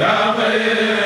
yaa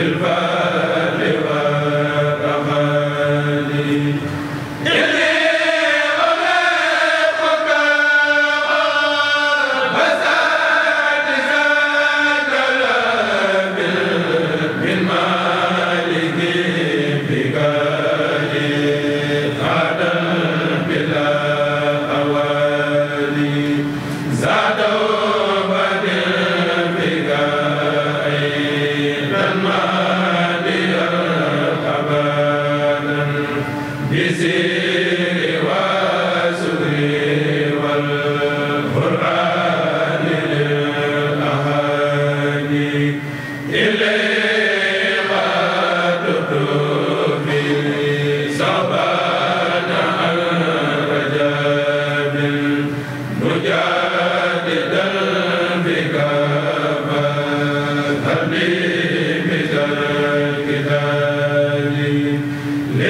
الفاتحة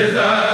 إذا